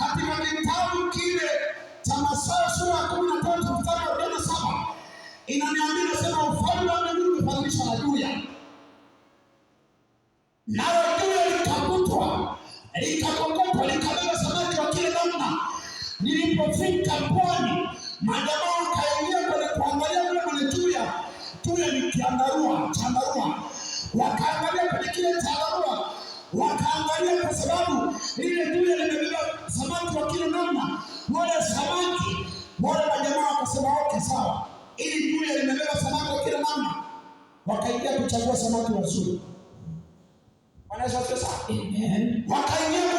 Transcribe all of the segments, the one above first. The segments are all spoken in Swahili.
katika kitabu kile cha Mathayo sura ya kumi na tatu mstari wa arobaini na saba inaniambia nasema, ufalme wa mbinguni umefadhilishwa na juya, nalo juya likakutwa likakokotwa likabeba samaki wa kila namna. Nilipofika pwani, majamaa wakaingia kwenye kuangalia kule kwenye juya. Juya ni kiandarua, chandarua. Wakaangalia kwenye kile chandarua, wakaangalia kwa sababu lile juya limebeba samaki wa kila namna, wale samaki wale majamaa wakasema okay, sawa. Ili jule limebeba samaki wa kila namna, wakaingia kuchagua samaki wazuri. Wakaingia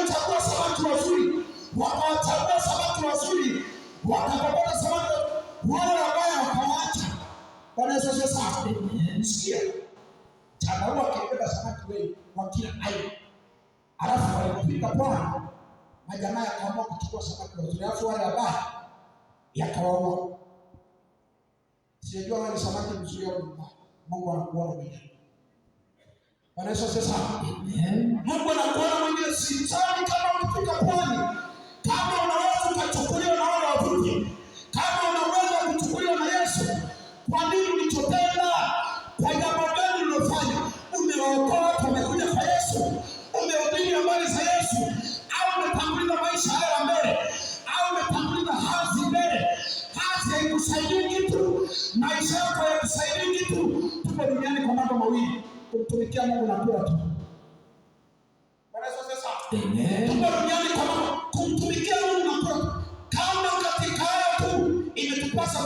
kuchagua samaki wazuri, wakawachagua samaki wazuri, wakapata samaki wale wabaya wakawaacha. Wanaweza sasa, sikia chandarua kilibeba samaki wengi wa kila aina, alafu walipofika pwani na jamaa yakaamua kuchukua samaki wazuri, alafu wale wabaha yakawaua. Sijajua wale samaki mzuri au mbaya. Mungu anakuona mwenyewe. Bwana Yesu asifiwe. Mungu anakuona mwenyewe, sitani kama mtu kapwani kitu, maisha yako yakusaidi kitu. Tuko duniani kwa mambo mawili, kumtumikia Mungu na kula tu. Tuko duniani kwa kumtumikia Mungu na kula. Kama katika tu imetupasa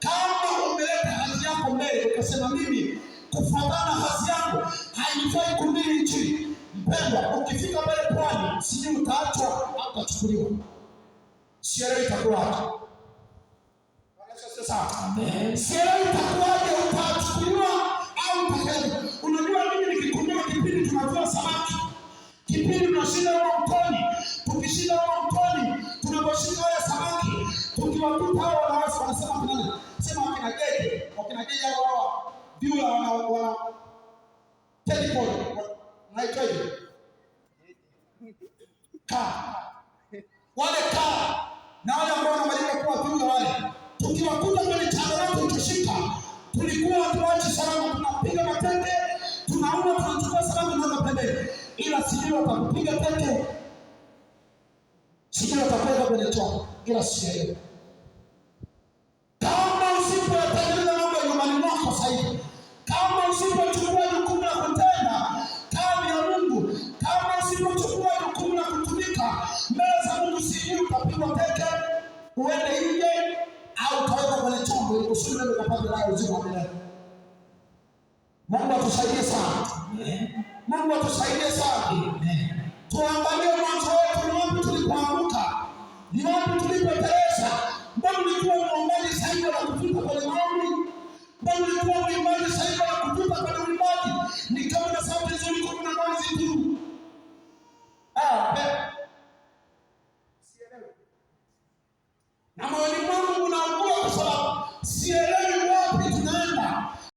kama umeleta yako mbele ukasema, mimi kufuatana yangu nchi. Mpendwa, ukifika pwani, sijui utaachwa, sielewi itakuwaje. Amen. Sio utakuwaje utachukuliwa au utakaje. Unajua mimi nikikumbuka kipindi tunavua samaki. Kipindi tunashinda huko mtoni, tukishinda huko mtoni, tunaposhinda wale samaki, tukiwakuta hao wanawasi wanasema kuna sema wakina Gege, wakina Gege hao hawa biula wana wana teleport. Naitwa hivi. Ka. Wale ka. Na wale ambao wanabadilika kuwa biula wale tukiwakuta kwenye changamoto utashika. Tulikuwa tuwache salama, tunapiga matende, tunauma, tunachukua salama na mapembe, ila sijui watakupiga tende, sijui watakwenda kwenye choo, ila sijui kama usipoyatengeneza mambo ya nyumbani mwako sasa hivi, kama usipochukua jukumu la kutenda kazi ya Mungu, kama usipochukua jukumu la kutumika mbele za Mungu, sijui utapigwa teke, uende nje au ukaweka kwenye chombo ili kusudi ukapate nayo uzima wa milele. Mungu atusaidie sana. Mungu atusaidie sana. Tuangalie mwanzo wetu, ni wapi tulipoanguka, ni wapi tulipoteleza. Mbona ulikuwa mwombaji zaidi na kufika kwenye maombi? Mbona ulikuwa